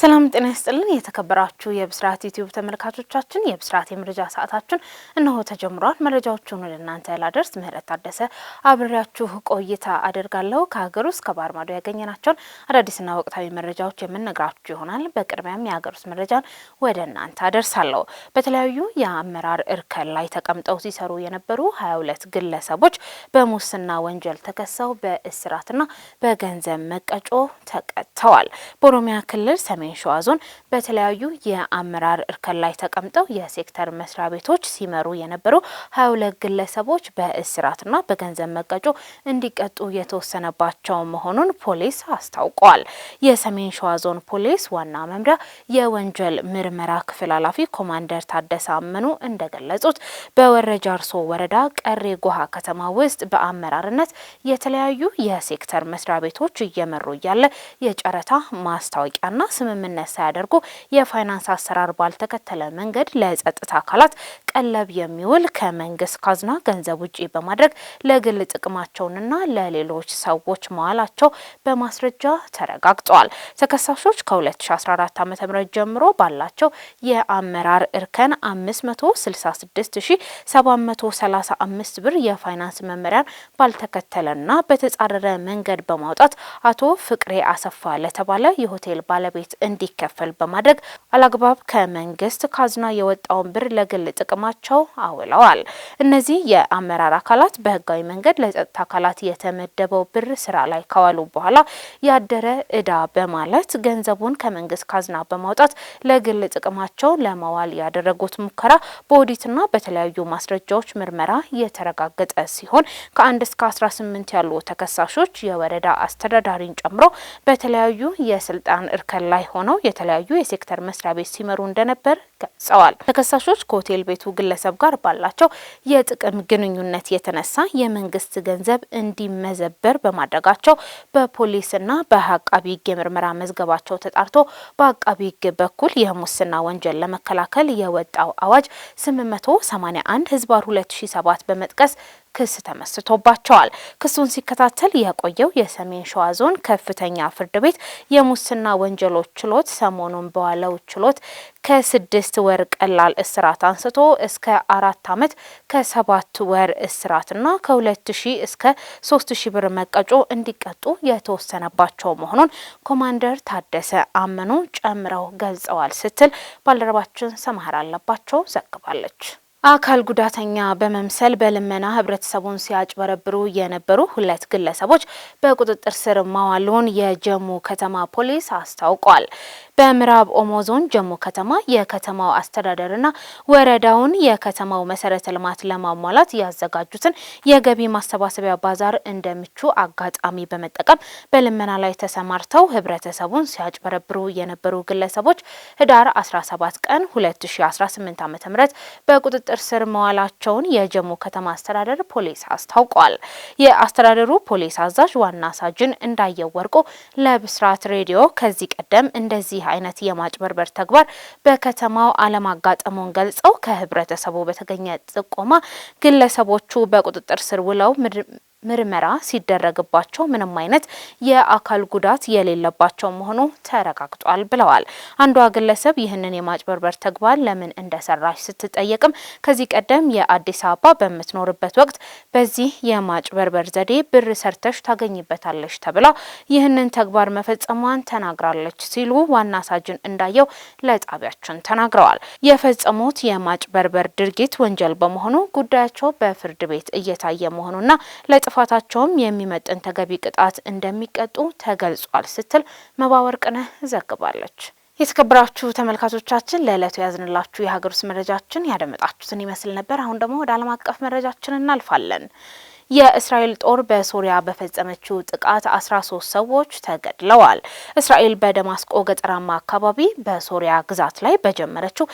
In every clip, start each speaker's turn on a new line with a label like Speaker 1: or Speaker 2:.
Speaker 1: ሰላም ጤና ይስጥልን። የተከበራችሁ የብስራት ዩቲዩብ ተመልካቾቻችን የብስራት የመረጃ ሰዓታችን እነሆ ተጀምሯል። መረጃዎቹን ወደ እናንተ ላደርስ ምህረት ታደሰ አብሬያችሁ ቆይታ አደርጋለሁ። ከሀገር ውስጥ ከባህር ማዶ ያገኘናቸውን አዳዲስና ወቅታዊ መረጃዎች የምንነግራችሁ ይሆናል። በቅድሚያም የሀገር ውስጥ መረጃን ወደ እናንተ አደርሳለሁ። በተለያዩ የአመራር እርከን ላይ ተቀምጠው ሲሰሩ የነበሩ ሀያ ሁለት ግለሰቦች በሙስና ወንጀል ተከሰው በእስራትና በገንዘብ መቀጮ ተቀጥተዋል። በኦሮሚያ ክልል ሰሜን በሰሜን ሸዋ ዞን በተለያዩ የአመራር እርከን ላይ ተቀምጠው የሴክተር መስሪያ ቤቶች ሲመሩ የነበሩ ሀያ ሁለት ግለሰቦች በእስራትና በገንዘብ መቀጮ እንዲቀጡ የተወሰነባቸው መሆኑን ፖሊስ አስታውቋል። የሰሜን ሸዋ ዞን ፖሊስ ዋና መምሪያ የወንጀል ምርመራ ክፍል ኃላፊ ኮማንደር ታደሰ አመኑ እንደገለጹት በወረ ጃርሶ ወረዳ ቀሬ ጎሃ ከተማ ውስጥ በአመራርነት የተለያዩ የሴክተር መስሪያ ቤቶች እየመሩ እያለ የጨረታ ማስታወቂያና ስምምነ ስምምነት ሳያደርጉ የፋይናንስ አሰራር ባልተከተለ መንገድ ለጸጥታ አካላት ቀለብ የሚውል ከመንግስት ካዝና ገንዘብ ውጪ በማድረግ ለግል ጥቅማቸውንና ለሌሎች ሰዎች መዋላቸው በማስረጃ ተረጋግጧል። ተከሳሾች ከ2014 ዓ.ም ጀምሮ ባላቸው የአመራር እርከን 566735 ብር የፋይናንስ መመሪያን ባልተከተለና በተጻረረ መንገድ በማውጣት አቶ ፍቅሬ አሰፋ ለተባለ የሆቴል ባለቤት እንዲከፈል በማድረግ አላግባብ ከመንግስት ካዝና የወጣውን ብር ለግል ጥቅማ ማቸው አውለዋል። እነዚህ የአመራር አካላት በህጋዊ መንገድ ለጸጥታ አካላት የተመደበው ብር ስራ ላይ ከዋሉ በኋላ ያደረ እዳ በማለት ገንዘቡን ከመንግስት ካዝና በማውጣት ለግል ጥቅማቸው ለመዋል ያደረጉት ሙከራ በኦዲትና በተለያዩ ማስረጃዎች ምርመራ የተረጋገጠ ሲሆን ከአንድ እስከ 18 ያሉ ተከሳሾች የወረዳ አስተዳዳሪን ጨምሮ በተለያዩ የስልጣን እርከን ላይ ሆነው የተለያዩ የሴክተር መስሪያ ቤት ሲመሩ እንደነበር ገልጸዋል። ተከሳሾች ከሆቴል ቤቱ ግለሰብ ጋር ባላቸው የጥቅም ግንኙነት የተነሳ የመንግስት ገንዘብ እንዲመዘበር በማድረጋቸው በፖሊስና በአቃቢ ህግ የምርመራ መዝገባቸው ተጣርቶ በአቃቢ ህግ በኩል የሙስና ወንጀል ለመከላከል የወጣው አዋጅ 881 ህዝባር 2007 በመጥቀስ ክስ ተመስርቶባቸዋል። ክሱን ሲከታተል የቆየው የሰሜን ሸዋ ዞን ከፍተኛ ፍርድ ቤት የሙስና ወንጀሎች ችሎት ሰሞኑን በዋለው ችሎት ከስድስት ወር ቀላል እስራት አንስቶ እስከ አራት አመት ከሰባት ወር እስራትና ከሁለት ሺ እስከ ሶስት ሺ ብር መቀጮ እንዲቀጡ የተወሰነባቸው መሆኑን ኮማንደር ታደሰ አመኑ ጨምረው ገልጸዋል ስትል ባልደረባችን ሰማህር አለባቸው ዘግባለች። አካል ጉዳተኛ በመምሰል በልመና ህብረተሰቡን ሲያጭበረብሩ የነበሩ ሁለት ግለሰቦች በቁጥጥር ስር ማዋሉን የጀሙ ከተማ ፖሊስ አስታውቋል። በምዕራብ ኦሞ ዞን ጀሞ ከተማ የከተማው አስተዳደርና ወረዳውን የከተማው መሰረተ ልማት ለማሟላት ያዘጋጁትን የገቢ ማሰባሰቢያ ባዛር እንደ ምቹ አጋጣሚ በመጠቀም በልመና ላይ ተሰማርተው ህብረተሰቡን ሲያጭበረብሩ የነበሩ ግለሰቦች ህዳር 17 ቀን 2018 ዓ ም በቁጥጥር ስር መዋላቸውን የጀሞ ከተማ አስተዳደር ፖሊስ አስታውቋል። የአስተዳደሩ ፖሊስ አዛዥ ዋና ሳጅን እንዳየው ወርቆ ለብስራት ሬዲዮ ከዚህ ቀደም እንደዚህ አይነት የማጭበርበር ተግባር በከተማው አለማጋጠሙን ገልጸው ከህብረተሰቡ በተገኘ ጥቆማ ግለሰቦቹ በቁጥጥር ስር ውለው ምርመራ ሲደረግባቸው ምንም አይነት የአካል ጉዳት የሌለባቸው መሆኑ ተረጋግጧል ብለዋል። አንዷ ግለሰብ ይህንን የማጭበርበር ተግባር ለምን እንደሰራች ስትጠየቅም ከዚህ ቀደም የአዲስ አበባ በምትኖርበት ወቅት በዚህ የማጭበርበር ዘዴ ብር ሰርተሽ ታገኝበታለች ተብላ ይህንን ተግባር መፈጸሟን ተናግራለች ሲሉ ዋና ሳጅን እንዳየው ለጣቢያችን ተናግረዋል። የፈጸሙት የማጭበርበር ድርጊት ወንጀል በመሆኑ ጉዳያቸው በፍርድ ቤት እየታየ መሆኑና ለጥፋ ለጥፋታቸውም የሚመጥን ተገቢ ቅጣት እንደሚቀጡ ተገልጿል ስትል መባ ዘግባለች። የተከበራችሁ ተመልካቾቻችን ለዕለቱ ያዝንላችሁ የሀገር ውስጥ መረጃችን ያደመጣችሁትን ይመስል ነበር። አሁን ደግሞ ወደ ዓለም አቀፍ መረጃችን እናልፋለን። የእስራኤል ጦር በሶሪያ በፈጸመችው ጥቃት አስራ ሶስት ሰዎች ተገድለዋል። እስራኤል በደማስቆ ገጠራማ አካባቢ በሶሪያ ግዛት ላይ በጀመረችው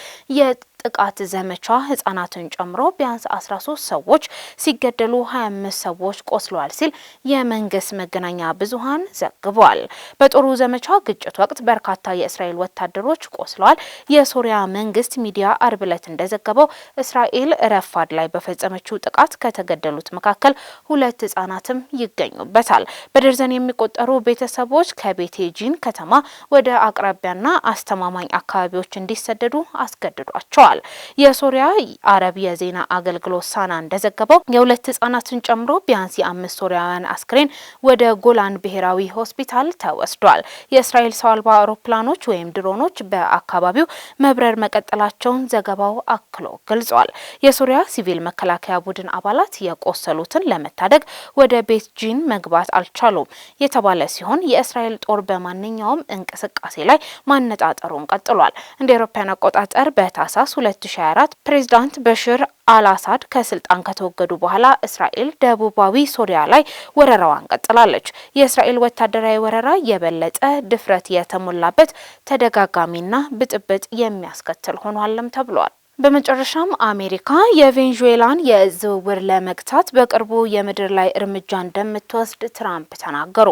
Speaker 1: ጥቃት ዘመቻ ህጻናትን ጨምሮ ቢያንስ 13 ሰዎች ሲገደሉ 25 ሰዎች ቆስለዋል ሲል የመንግስት መገናኛ ብዙሃን ዘግቧል። በጦሩ ዘመቻ ግጭት ወቅት በርካታ የእስራኤል ወታደሮች ቆስለዋል። የሶሪያ መንግስት ሚዲያ አርብ ዕለት እንደዘገበው እስራኤል ረፋድ ላይ በፈጸመችው ጥቃት ከተገደሉት መካከል ሁለት ህጻናትም ይገኙበታል። በደርዘን የሚቆጠሩ ቤተሰቦች ከቤቴጂን ከተማ ወደ አቅራቢያና አስተማማኝ አካባቢዎች እንዲሰደዱ አስገድዷቸዋል። ተገልጿል። የሶሪያ አረብ የዜና አገልግሎት ሳና እንደዘገበው የሁለት ህጻናትን ጨምሮ ቢያንስ የአምስት ሶሪያውያን አስክሬን ወደ ጎላን ብሔራዊ ሆስፒታል ተወስዷል። የእስራኤል ሰው አልባ አውሮፕላኖች ወይም ድሮኖች በአካባቢው መብረር መቀጠላቸውን ዘገባው አክሎ ገልጿል። የሶሪያ ሲቪል መከላከያ ቡድን አባላት የቆሰሉትን ለመታደግ ወደ ቤት ጂን መግባት አልቻሉም የተባለ ሲሆን የእስራኤል ጦር በማንኛውም እንቅስቃሴ ላይ ማነጣጠሩን ቀጥሏል። እንደ አውሮፓውያን አቆጣጠር በታህሳስ 2024 ፕሬዚዳንት በሽር አልአሳድ ከስልጣን ከተወገዱ በኋላ እስራኤል ደቡባዊ ሶሪያ ላይ ወረራዋን ቀጥላለች። የእስራኤል ወታደራዊ ወረራ የበለጠ ድፍረት የተሞላበት ተደጋጋሚና ብጥብጥ የሚያስከትል ሆኗልም ተብሏል። በመጨረሻም አሜሪካ የቬንዙዌላን የዝውውር ዝውውር ለመግታት በቅርቡ የምድር ላይ እርምጃ እንደምትወስድ ትራምፕ ተናገሩ።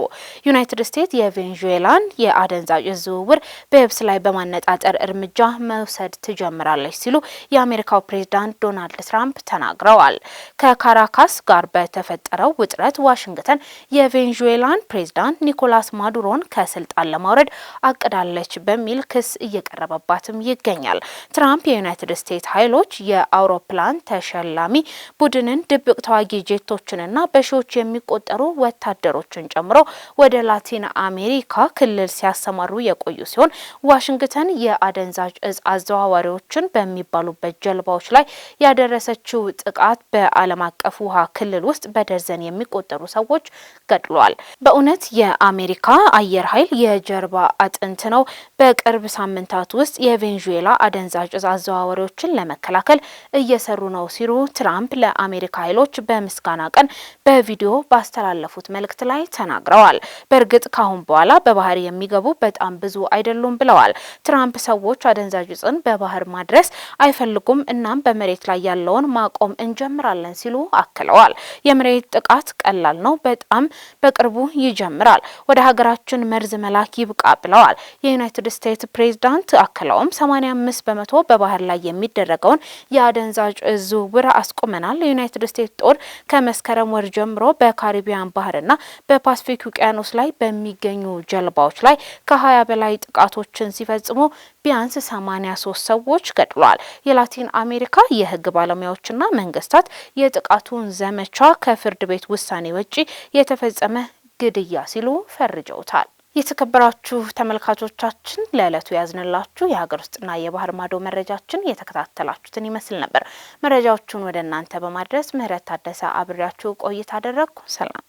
Speaker 1: ዩናይትድ ስቴትስ የቬንዙዌላን የአደንዛዥ ዝውውር በየብስ ላይ በማነጣጠር እርምጃ መውሰድ ትጀምራለች ሲሉ የአሜሪካው ፕሬዚዳንት ዶናልድ ትራምፕ ተናግረዋል። ከካራካስ ጋር በተፈጠረው ውጥረት ዋሽንግተን የቬንዙዌላን ፕሬዚዳንት ኒኮላስ ማዱሮን ከስልጣን ለማውረድ አቅዳለች በሚል ክስ እየቀረበባትም ይገኛል። ትራምፕ የዩናይትድ ስቴትስ ስቴት ኃይሎች የአውሮፕላን ተሸላሚ ቡድንን ድብቅ ተዋጊ ጄቶችንና በሺዎች የሚቆጠሩ ወታደሮችን ጨምሮ ወደ ላቲን አሜሪካ ክልል ሲያሰማሩ የቆዩ ሲሆን ዋሽንግተን የአደንዛዥ እጽ አዘዋዋሪዎችን በሚባሉበት ጀልባዎች ላይ ያደረሰችው ጥቃት በዓለም አቀፍ ውሃ ክልል ውስጥ በደርዘን የሚቆጠሩ ሰዎች ገድሏል። በእውነት የአሜሪካ አየር ኃይል የጀርባ አጥንት ነው። በቅርብ ሳምንታት ውስጥ የቬንዙዌላ አደንዛዥ እጽ አዘዋዋሪዎች ጥቃቶችን ለመከላከል እየሰሩ ነው ሲሉ ትራምፕ ለአሜሪካ ኃይሎች በምስጋና ቀን በቪዲዮ ባስተላለፉት መልእክት ላይ ተናግረዋል። በእርግጥ ካሁን በኋላ በባህር የሚገቡ በጣም ብዙ አይደሉም ብለዋል። ትራምፕ ሰዎች አደንዛዥ እጽን በባህር ማድረስ አይፈልጉም፣ እናም በመሬት ላይ ያለውን ማቆም እንጀምራለን ሲሉ አክለዋል። የመሬት ጥቃት ቀላል ነው፣ በጣም በቅርቡ ይጀምራል። ወደ ሀገራችን መርዝ መላክ ይብቃ ብለዋል። የዩናይትድ ስቴትስ ፕሬዚዳንት አክለውም 85 በመቶ በባህር ላይ የሚ የሚደረገውን የአደንዛዥ ዝውውር አስቆመናል። የዩናይትድ ስቴትስ ጦር ከመስከረም ወር ጀምሮ በካሪቢያን ባህርና በፓስፊክ ውቅያኖስ ላይ በሚገኙ ጀልባዎች ላይ ከ20 በላይ ጥቃቶችን ሲፈጽሙ ቢያንስ 83 ሰዎች ገድሏል። የላቲን አሜሪካ የህግ ባለሙያዎችና መንግስታት የጥቃቱን ዘመቻ ከፍርድ ቤት ውሳኔ ውጪ የተፈጸመ ግድያ ሲሉ ፈርጀውታል። የተከበራችሁ ተመልካቾቻችን ለዕለቱ ያዝንላችሁ የሀገር ውስጥና የባህር ማዶ መረጃችን የተከታተላችሁትን ይመስል ነበር። መረጃዎቹን ወደ እናንተ በማድረስ ምህረት ታደሰ አብሬያችሁ ቆይታ አደረግኩ። ሰላም